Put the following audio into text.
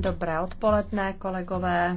Dobré odpoledne, kolegové.